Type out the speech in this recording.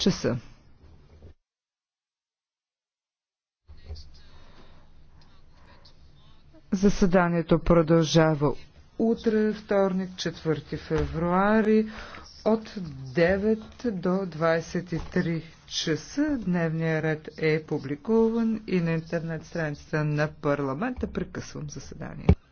часа. Заседанието продължава утре, вторник, 4 февруари от 9 до 23 часа. Дневният ред е публикуван и на интернет страницата на парламента. Прекъсвам заседанието.